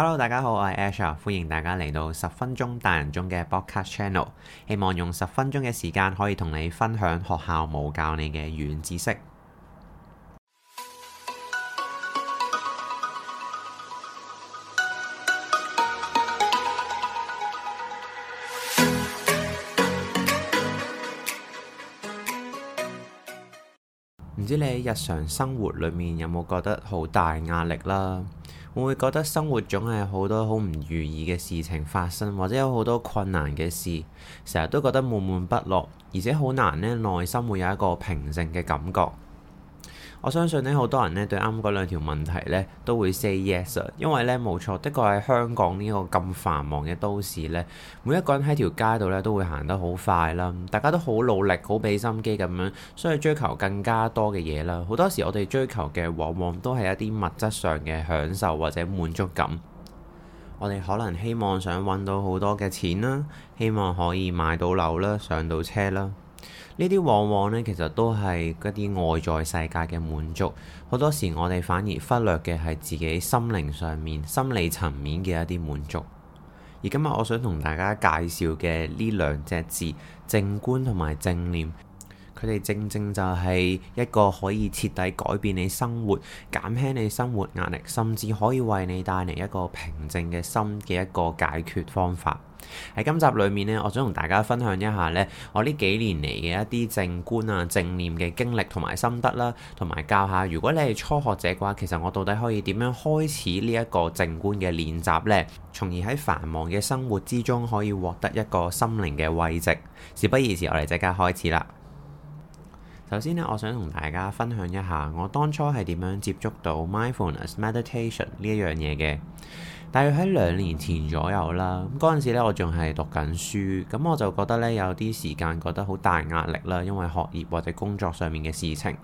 Hello，大家好，我係 Ash，歡迎大家嚟到十分鐘大人中嘅播客 channel，希望用十分鐘嘅時間可以同你分享學校冇教你嘅軟知識。唔知你喺日常生活裏面有冇覺得好大壓力啦？會覺得生活總係好多好唔如意嘅事情發生，或者有好多困難嘅事，成日都覺得悶悶不樂，而且好難呢，內心會有一個平靜嘅感覺。我相信呢好多人呢對啱嗰兩條問題呢都會 say yes，因為呢冇錯，的確喺香港呢個咁繁忙嘅都市呢，每一個人喺條街度呢都會行得好快啦，大家都好努力、好俾心機咁樣，所以追求更加多嘅嘢啦。好多時我哋追求嘅往往都係一啲物質上嘅享受或者滿足感。我哋可能希望想揾到好多嘅錢啦，希望可以買到樓啦，上到車啦。呢啲往往呢，其實都係一啲外在世界嘅滿足。好多時我哋反而忽略嘅係自己心靈上面，心理層面嘅一啲滿足。而今日我想同大家介紹嘅呢兩隻字——靜觀同埋正念，佢哋正正就係一個可以徹底改變你生活、減輕你生活壓力，甚至可以為你帶嚟一個平靜嘅心嘅一個解決方法。喺今集裏面呢，我想同大家分享一下呢，我呢幾年嚟嘅一啲靜觀啊、正念嘅經歷同埋心得啦、啊，同埋教下如果你係初學者嘅話，其實我到底可以點樣開始呢一個靜觀嘅練習呢？從而喺繁忙嘅生活之中可以獲得一個心靈嘅慰藉。事不宜遲，我哋即刻開始啦。首先呢，我想同大家分享一下我當初係點樣接觸到 mindfulness meditation 呢一樣嘢嘅。大約喺兩年前左右啦，咁嗰陣時咧，我仲係讀緊書，咁我就覺得咧有啲時間覺得好大壓力啦，因為學業或者工作上面嘅事情。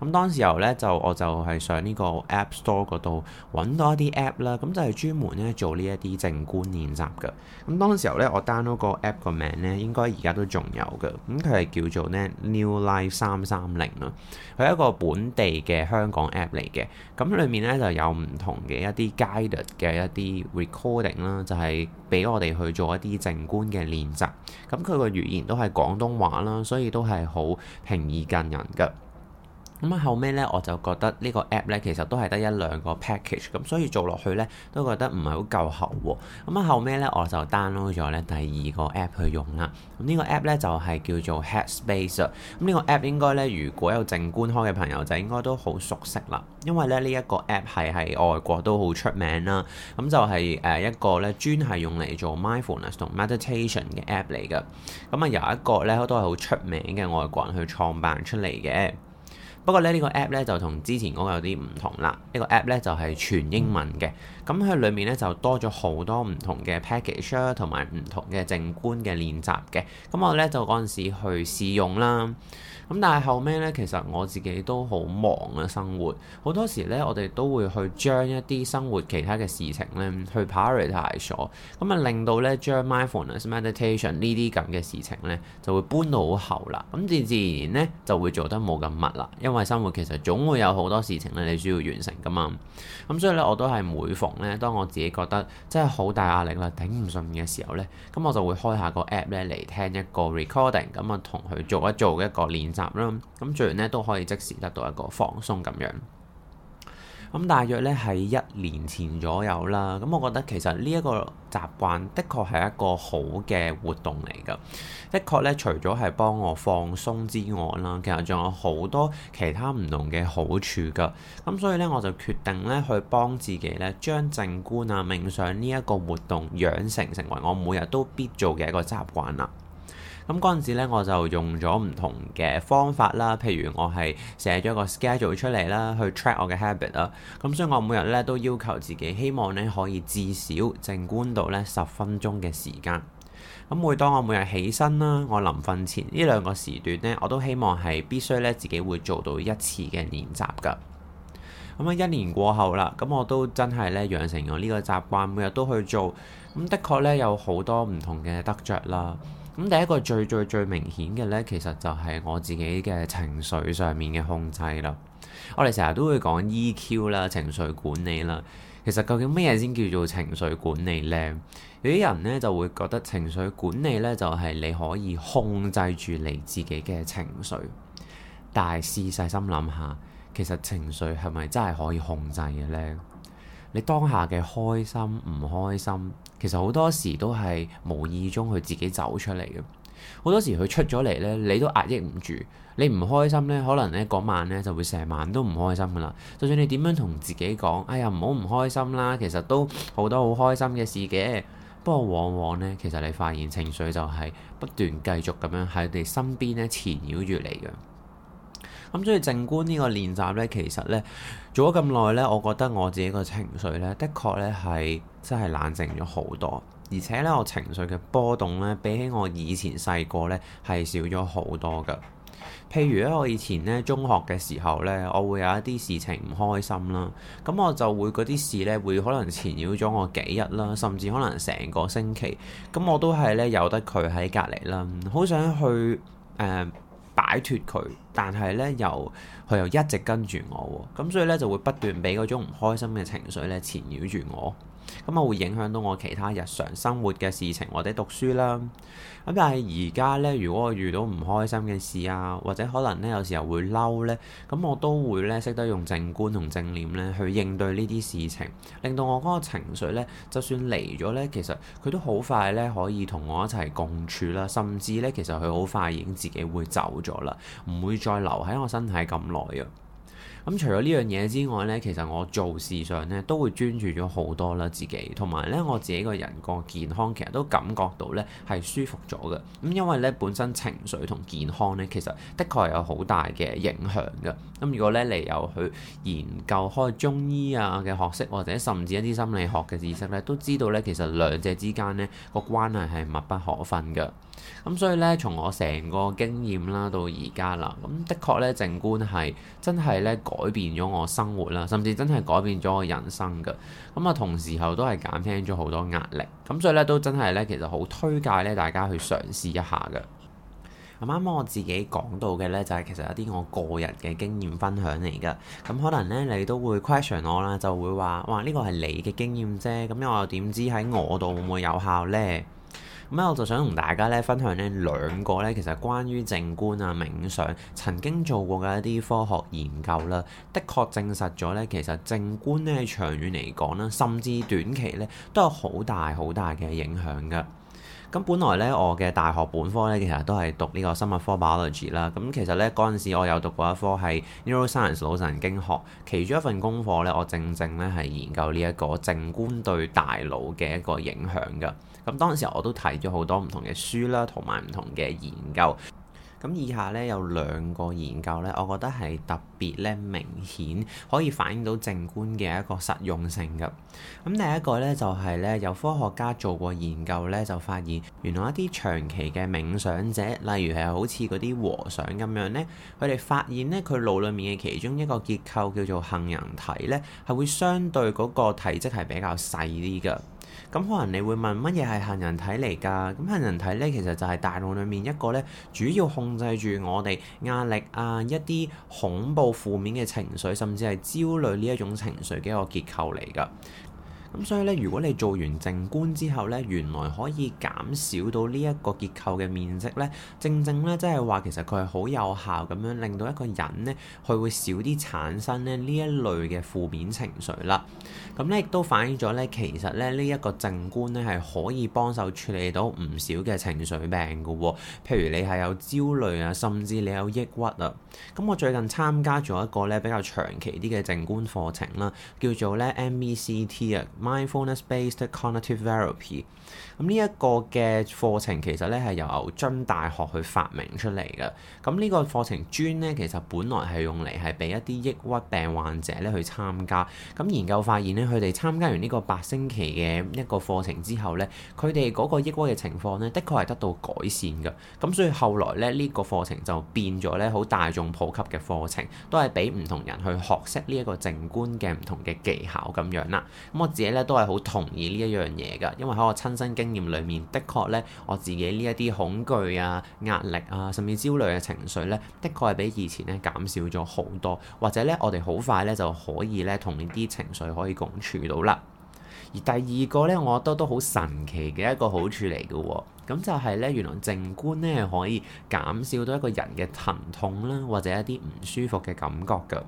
咁當時候咧就我就係上呢個 App Store 度揾到一啲 App 啦，咁就係專門咧做，做呢一啲靜觀練習嘅。咁當時候咧我 download 個 App 個名咧應該而家都仲有嘅，咁佢係叫做咧 New Life 三三零咯，佢係一個本地嘅香港 App 嚟嘅，咁裏面咧就有唔同嘅一啲 Guided 嘅一啲。recording 啦，就係俾我哋去做一啲靜觀嘅練習。咁佢個語言都係廣東話啦，所以都係好平易近人嘅。咁啊，後尾咧，我就覺得呢個 app 咧，其實都係得一兩個 package，咁所以做落去咧，都覺得唔係好夠喉喎。咁啊，後尾咧，我就 download 咗咧第二個 app 去用啦。咁、這、呢個 app 咧就係叫做 Headspace。咁呢、這個 app 應該咧，如果有靜觀開嘅朋友仔應該都好熟悉啦，因為咧呢一個 app 係喺外國都好出名啦。咁就係、是、誒一個咧專係用嚟做 mindfulness 同 meditation 嘅 app 嚟㗎。咁啊有一個咧都係好出名嘅外國人去創辦出嚟嘅。不過咧，呢個 app 咧就同之前嗰個有啲唔同啦。呢個 app 咧就係全英文嘅，咁佢裏面咧就多咗好多唔同嘅 package 啦，同埋唔同嘅靜觀嘅練習嘅。咁我咧就嗰陣時去試用啦。咁但係後尾咧，其實我自己都好忙啊，生活好多時咧，我哋都會去將一啲生活其他嘅事情咧，去 p a r i o r i t i s 咁啊、嗯、令到咧將 m i n d f u n e meditation 呢啲咁嘅事情咧，就會搬到好後啦。咁自自然然咧就會做得冇咁密啦，因為生活其實總會有好多事情咧，你需要完成噶嘛。咁、嗯、所以咧，我都係每逢咧，當我自己覺得真係好大壓力啦，頂唔順嘅時候咧，咁、嗯、我就會開一下一個 app 咧嚟聽一個 recording，咁啊同佢做一做一個練習。咁做完咧都可以即時得到一個放鬆咁樣。咁大約咧喺一年前左右啦，咁我覺得其實呢一個習慣的確係一個好嘅活動嚟噶。的確咧，除咗係幫我放鬆之外啦，其實仲有好多其他唔同嘅好處噶。咁所以咧，我就決定咧去幫自己咧將靜觀啊冥想呢一個活動養成，成為我每日都必做嘅一個習慣啦。咁嗰陣時咧，我就用咗唔同嘅方法啦，譬如我係寫咗一個 schedule 出嚟啦，去 track 我嘅 habit 啦。咁所以我每日咧都要求自己，希望咧可以至少靜觀到咧十分鐘嘅時間。咁每當我每日起身啦，我臨瞓前呢兩個時段呢，我都希望係必須咧自己會做到一次嘅練習㗎。咁啊，一年過後啦，咁我都真係咧養成咗呢個習慣，每日都去做。咁的確咧有好多唔同嘅得着啦。咁第一個最最最明顯嘅咧，其實就係我自己嘅情緒上面嘅控制啦。我哋成日都會講 E.Q. 啦，情緒管理啦。其實究竟咩嘢先叫做情緒管理呢？有啲人呢就會覺得情緒管理呢，就係你可以控制住你自己嘅情緒，但係試細心諗下，其實情緒係咪真係可以控制嘅呢？你當下嘅開心唔開心，其實好多時都係無意中佢自己走出嚟嘅。好多時佢出咗嚟呢，你都壓抑唔住。你唔開心呢，可能呢嗰晚呢就會成晚都唔開心噶啦。就算你點樣同自己講，哎呀，唔好唔開心啦，其實都好多好開心嘅事嘅。不過往往呢，其實你發現情緒就係不斷繼續咁樣喺你身邊咧纏繞住你嘅。咁、嗯、所以靜觀呢個練習呢，其實呢，做咗咁耐呢，我覺得我自己個情緒呢，的確呢，係真係冷靜咗好多，而且呢，我情緒嘅波動呢，比起我以前細個呢，係少咗好多㗎。譬如咧，我以前呢，中學嘅時候呢，我會有一啲事情唔開心啦，咁我就會嗰啲事呢，會可能纏繞咗我幾日啦，甚至可能成個星期，咁我都係呢，由得佢喺隔離啦，好想去誒，呃擺脱佢，但係咧又佢又一直跟住我喎，咁所以咧就會不斷俾嗰種唔開心嘅情緒咧纏繞住我。咁啊，會影響到我其他日常生活嘅事情或者讀書啦。咁但係而家咧，如果我遇到唔開心嘅事啊，或者可能咧有時候會嬲咧，咁我都會咧識得用靜觀同正念咧去應對呢啲事情，令到我嗰個情緒咧，就算嚟咗咧，其實佢都好快咧可以同我一齊共處啦，甚至咧其實佢好快已經自己會走咗啦，唔會再留喺我身體咁耐啊。咁、嗯、除咗呢樣嘢之外呢，其實我做事上呢都會專注咗好多啦，自己同埋呢我自己個人個健康，其實都感覺到呢係舒服咗嘅。咁因為呢本身情緒同健康呢，其實的確係有好大嘅影響㗎。咁、嗯、如果呢你有去研究開中醫啊嘅學識，或者甚至一啲心理學嘅知識呢，都知道呢其實兩者之間呢個關係係密不可分㗎。咁、嗯、所以呢，從我成個經驗啦到而家啦，咁的確呢，靜觀係真係呢。改變咗我生活啦，甚至真係改變咗我人生嘅。咁啊，同時候都係減輕咗好多壓力。咁所以咧，都真係咧，其實好推介咧，大家去嘗試一下嘅。咁啱啱我自己講到嘅咧，就係其實一啲我個人嘅經驗分享嚟㗎。咁可能咧，你都會 question 我啦，就會話：哇，呢個係你嘅經驗啫，咁我又點知喺我度會唔會有效呢？咁我就想同大家咧分享咧兩個咧，其實關於靜觀啊冥想曾經做過嘅一啲科學研究啦，的確證實咗咧，其實靜觀咧長遠嚟講啦，甚至短期咧都有好大好大嘅影響㗎。咁本來咧，我嘅大學本科咧，其實都係讀呢個生物科學 biology 啦。咁其實咧嗰陣時，我有讀過一科係 Neuroscience 腦神經學，其中一份功課咧，我正正咧係研究呢一個靜觀對大腦嘅一個影響㗎。咁當時我都睇咗好多唔同嘅書啦，同埋唔同嘅研究。咁以下呢，有兩個研究呢，我覺得係特別呢明顯，可以反映到靜觀嘅一個實用性㗎。咁第一個呢，就係呢，有科學家做過研究呢，就發現原來一啲長期嘅冥想者，例如係好似嗰啲和尚咁樣呢，佢哋發現呢，佢腦裏面嘅其中一個結構叫做杏仁體呢，係會相對嗰個體積係比較細啲㗎。咁可能你會問乜嘢係杏仁體嚟㗎？咁杏仁體咧，其實就係大腦裡面一個咧，主要控制住我哋壓力啊、一啲恐怖負面嘅情緒，甚至係焦慮呢一種情緒嘅一個結構嚟㗎。咁所以咧，如果你做完靜觀之後咧，原來可以減少到呢一個結構嘅面積咧，正正咧，即係話其實佢係好有效咁樣令到一個人咧，佢會少啲產生咧呢一類嘅負面情緒啦。咁咧亦都反映咗咧，其實咧呢一、這個靜觀咧係可以幫手處理到唔少嘅情緒病嘅喎、哦。譬如你係有焦慮啊，甚至你有抑鬱啊。咁我最近參加咗一個咧比較長期啲嘅靜觀課程啦，叫做咧 MBCT 啊。Mindfulness-based cognitive therapy，咁呢一個嘅課程其實咧係由牛津大學去發明出嚟嘅。咁呢個課程專咧其實本來係用嚟係俾一啲抑鬱病患者咧去參加。咁研究發現咧，佢哋參加完呢個八星期嘅一個課程之後咧，佢哋嗰個抑鬱嘅情況咧，的確係得到改善嘅，咁所以後來咧，呢個課程就變咗咧好大眾普及嘅課程，都係俾唔同人去學識呢一個靜觀嘅唔同嘅技巧咁樣啦。咁我自己，咧都係好同意呢一樣嘢㗎，因為喺我親身經驗裏面，的確咧我自己呢一啲恐懼啊、壓力啊，甚至焦慮嘅情緒咧，的確係比以前咧減少咗好多，或者咧我哋好快咧就可以咧同呢啲情緒可以共處到啦。而第二個咧，我覺得都好神奇嘅一個好處嚟嘅喎，咁就係咧，原來靜觀咧係可以減少到一個人嘅疼痛啦，或者一啲唔舒服嘅感覺㗎。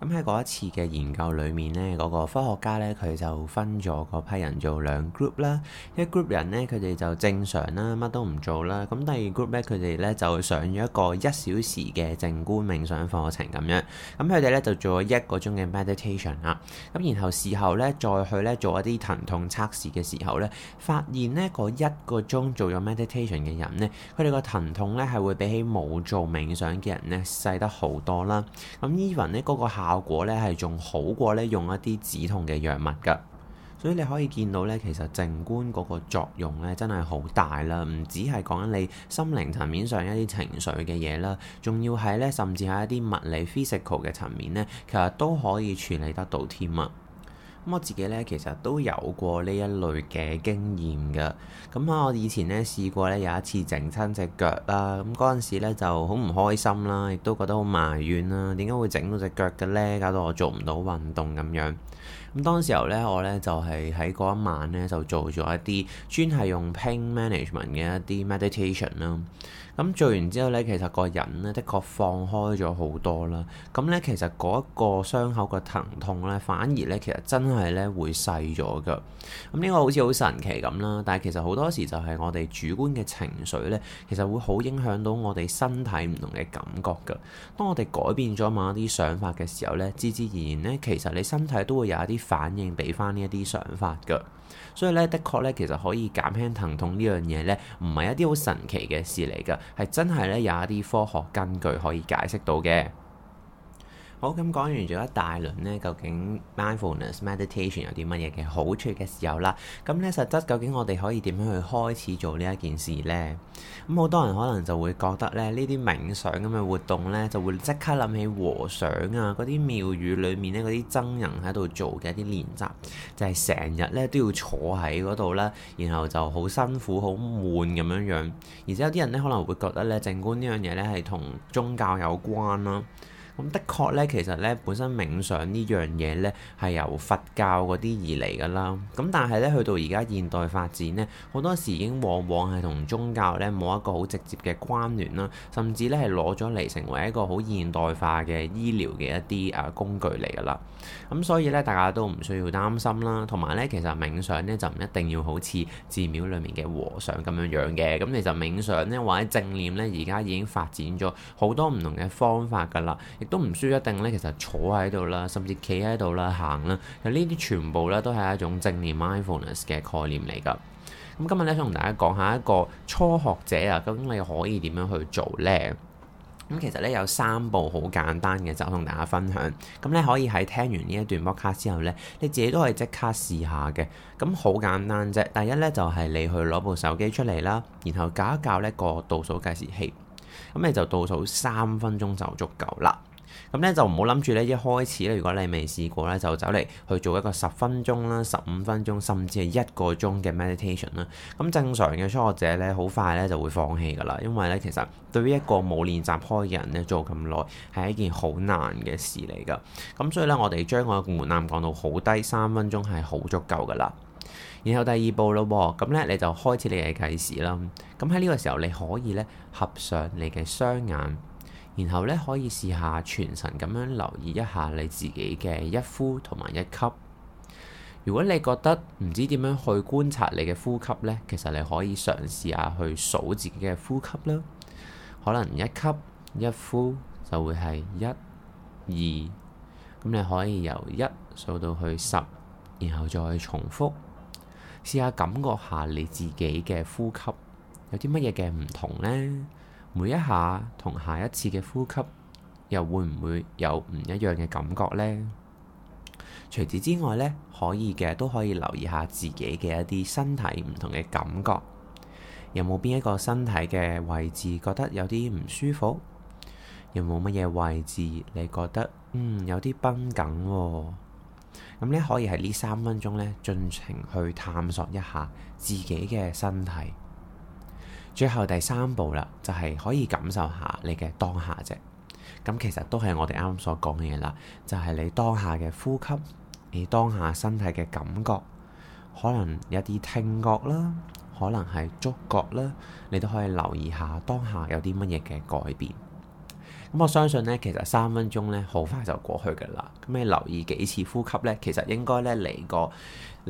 咁喺嗰一次嘅研究裏面咧，嗰個科學家咧佢就分咗批人做兩 group 啦，一 group 人咧佢哋就正常啦，乜都唔做啦，咁第二 group 咧佢哋咧就上咗一個一小時嘅靜觀冥想課程咁樣，咁佢哋咧就做咗一個鐘嘅 meditation 啊，咁然後事後咧再去咧做一啲疼痛測試嘅時候咧，發現咧嗰一個鐘做咗 meditation 嘅人咧，佢哋個疼痛咧係會比起冇做冥想嘅人咧細得好多啦，咁 even 咧個。效果咧係仲好過咧用一啲止痛嘅藥物㗎，所以你可以見到咧，其實靜觀嗰個作用咧真係好大啦，唔止係講緊你心靈層面上一啲情緒嘅嘢啦，仲要係咧甚至係一啲物理 physical 嘅層面咧，其實都可以處理得到添啊！咁我自己咧，其實都有過呢一類嘅經驗㗎。咁、嗯、啊，我以前咧試過咧，有一次整親隻腳啦。咁嗰陣時咧，就好唔開心啦，亦都覺得好埋怨啦。點解會整到隻腳嘅咧？搞到我做唔到運動咁樣。咁當時候咧，我咧就係、是、喺一晚咧就做咗一啲專係用 pain management 嘅一啲 meditation 啦。咁、嗯、做完之後咧，其實個人咧的確放開咗好多啦。咁、嗯、咧其實嗰一個傷口嘅疼痛咧，反而咧其實真係咧會細咗㗎。咁、嗯、呢、這個好似好神奇咁啦，但係其實好多時就係我哋主觀嘅情緒咧，其實會好影響到我哋身體唔同嘅感覺㗎。當我哋改變咗某一啲想法嘅時候咧，自自然然咧，其實你身體都會有一啲。反應俾翻呢一啲想法㗎，所以咧，的確咧，其實可以減輕疼痛呢樣嘢咧，唔係一啲好神奇嘅事嚟㗎，係真係咧有一啲科學根據可以解釋到嘅。好，咁講完咗一大輪呢，究竟 mindfulness meditation 有啲乜嘢嘅好處嘅時候啦，咁、嗯、咧實質究竟我哋可以點樣去開始做呢一件事呢？咁、嗯、好多人可能就會覺得咧，呢啲冥想咁嘅活動呢，就會即刻諗起和尚啊，嗰啲廟宇裏面呢嗰啲僧人喺度做嘅一啲練習，就係成日咧都要坐喺嗰度啦，然後就好辛苦好悶咁樣樣，而且有啲人呢可能會覺得呢，靜觀呢樣嘢呢係同宗教有關啦、啊。咁的確咧，其實咧本身冥想呢樣嘢咧係由佛教嗰啲而嚟噶啦。咁但係咧去到而家現代發展咧，好多時已經往往係同宗教咧冇一個好直接嘅關聯啦，甚至咧係攞咗嚟成為一個好現代化嘅醫療嘅一啲誒工具嚟噶啦。咁所以咧大家都唔需要擔心啦。同埋咧，其實冥想咧就唔一定要好似寺廟裡面嘅和尚咁樣樣嘅。咁你就冥想咧或者正念咧而家已經發展咗好多唔同嘅方法噶啦。都唔需要一定咧，其實坐喺度啦，甚至企喺度啦、行啦，呢啲全部咧都係一種正念 mindfulness 嘅概念嚟㗎。咁今日咧想同大家講一下一個初學者啊，究竟你可以點樣去做呢？咁其實咧有三步好簡單嘅，就同大家分享。咁咧可以喺聽完呢一段 blog 卡之後咧，你自己都可以即刻試下嘅。咁好簡單啫。第一咧就係、是、你去攞部手機出嚟啦，然後搞一教呢個倒數計時器。咁你就倒數三分鐘就足夠啦。咁咧就唔好諗住咧一開始咧，如果你未試過咧，就走嚟去做一個十分鐘啦、十五分鐘，甚至係一個鐘嘅 meditation 啦。咁正常嘅初學者咧，好快咧就會放棄噶啦，因為咧其實對於一個冇練習開嘅人咧，做咁耐係一件好難嘅事嚟噶。咁所以咧，我哋將我嘅門檻降到好低，三分鐘係好足夠噶啦。然後第二步咯，咁咧你就開始你嘅計時啦。咁喺呢個時候你可以咧合上你嘅雙眼。然後咧，可以試下全神咁樣留意一下你自己嘅一呼同埋一吸。如果你覺得唔知點樣去觀察你嘅呼吸呢，其實你可以嘗試下去數自己嘅呼吸啦。可能一吸一呼就會係一、二，咁你可以由一數到去十，然後再重複試下感覺下你自己嘅呼吸有啲乜嘢嘅唔同呢？每一下同下一次嘅呼吸，又會唔會有唔一樣嘅感覺呢？除此之外呢，可以嘅都可以留意下自己嘅一啲身體唔同嘅感覺，有冇邊一個身體嘅位置覺得有啲唔舒服？有冇乜嘢位置你覺得嗯有啲繃緊、哦，咁呢可以喺呢三分鐘呢，盡情去探索一下自己嘅身體。最後第三步啦，就係可以感受下你嘅當下啫。咁其實都係我哋啱啱所講嘅嘢啦，就係你當下嘅呼吸，你當下身體嘅感覺，可能有啲聽覺啦，可能係觸覺啦，你都可以留意下當下有啲乜嘢嘅改變。咁我相信咧，其實三分鐘咧好快就過去噶啦。咁你留意幾次呼吸咧，其實應該咧嚟個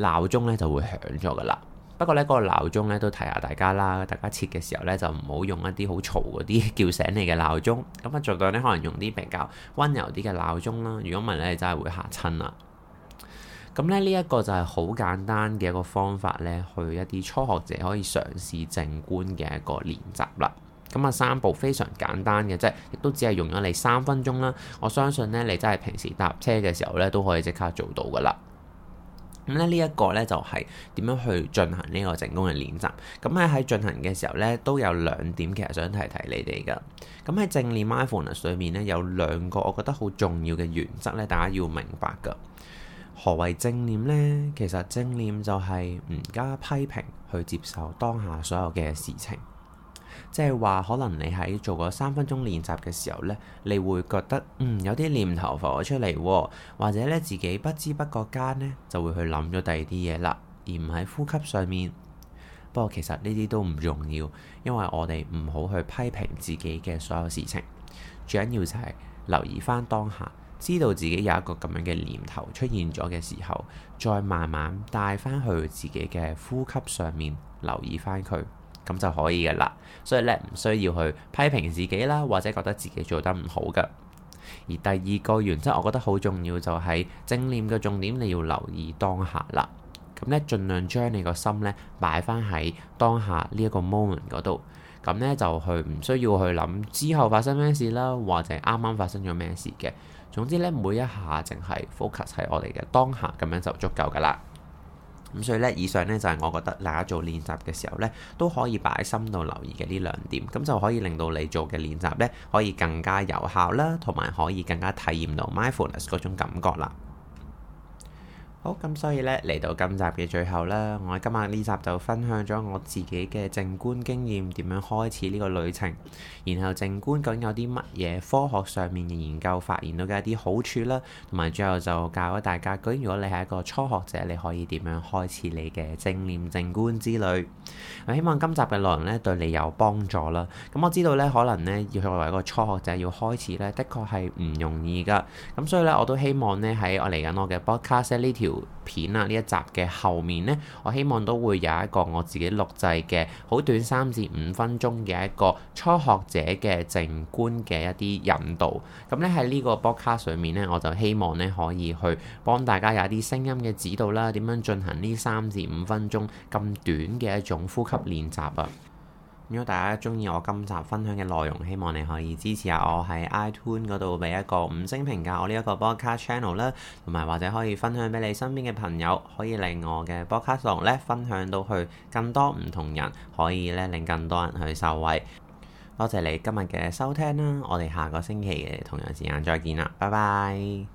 鬧鐘咧就會響咗噶啦。不過呢個鬧鐘呢都提下大家啦，大家設嘅時候呢，就唔好用一啲好嘈嗰啲叫醒你嘅鬧鐘，咁啊儘量呢，可能用啲比較温柔啲嘅鬧鐘啦。如果唔係呢，你真係會嚇親喇。咁咧呢一個就係好簡單嘅一個方法呢，去一啲初學者可以嘗試靜觀嘅一個練習啦。咁啊三步非常簡單嘅，即係亦都只係用咗你三分鐘啦。我相信呢，你真係平時搭車嘅時候呢，都可以即刻做到噶啦。咁呢一個咧就係點樣去進行呢個成功嘅練習。咁咧喺進行嘅時候咧都有兩點其實想提提你哋噶。咁喺正念 mindfulness 上面咧有兩個我覺得好重要嘅原則咧，大家要明白噶。何為正念呢？其實正念就係唔加批評去接受當下所有嘅事情。即係話，可能你喺做個三分鐘練習嘅時候呢，你會覺得嗯，有啲念頭浮咗出嚟，或者呢，自己不知不覺間呢，就會去諗咗第二啲嘢啦，而唔喺呼吸上面。不過其實呢啲都唔重要，因為我哋唔好去批評自己嘅所有事情。最緊要就係留意翻當下，知道自己有一個咁樣嘅念頭出現咗嘅時候，再慢慢帶返去自己嘅呼吸上面，留意返佢。咁就可以嘅啦，所以咧唔需要去批評自己啦，或者覺得自己做得唔好噶。而第二個原則，我覺得好重要就係正念嘅重點，你要留意當下啦。咁咧，儘量將你個心咧擺翻喺當下呢一個 moment 嗰度，咁咧就去唔需要去諗之後發生咩事啦，或者啱啱發生咗咩事嘅。總之咧，每一下淨係 focus 喺我哋嘅當下，咁樣就足夠噶啦。咁所以咧，以上咧就係我覺得大家做練習嘅時候咧，都可以擺喺心度留意嘅呢兩點，咁就可以令到你做嘅練習咧，可以更加有效啦，同埋可以更加體驗到 mindfulness 嗰種感覺啦。好咁，所以咧，嚟到今集嘅最後啦，我今日呢集就分享咗我自己嘅靜觀經驗，點樣開始呢個旅程，然後靜觀究竟有啲乜嘢科學上面嘅研究發現到嘅一啲好處啦，同埋最後就教咗大家，究竟如果你係一個初學者，你可以點樣開始你嘅正念靜觀之旅？我、嗯、希望今集嘅內容咧對你有幫助啦。咁、嗯、我知道咧，可能咧要作為一個初學者要開始咧，的確係唔容易噶。咁所以咧，我都希望咧喺我嚟緊我嘅 Podcast 呢條。片啊，呢一集嘅後面呢，我希望都會有一個我自己錄製嘅好短三至五分鐘嘅一個初學者嘅靜觀嘅一啲引導。咁咧喺呢個 podcast 上面呢，我就希望呢可以去幫大家有啲聲音嘅指導啦，點樣進行呢三至五分鐘咁短嘅一種呼吸練習啊！如果大家中意我今集分享嘅內容，希望你可以支持下我喺 iTunes 度俾一個五星評價，我呢一個 podcast channel 咧，同埋或者可以分享俾你身邊嘅朋友，可以令我嘅 podcast 咧分享到去更多唔同人，可以咧令更多人去受惠。多謝你今日嘅收聽啦，我哋下個星期嘅同樣時間再見啦，拜拜。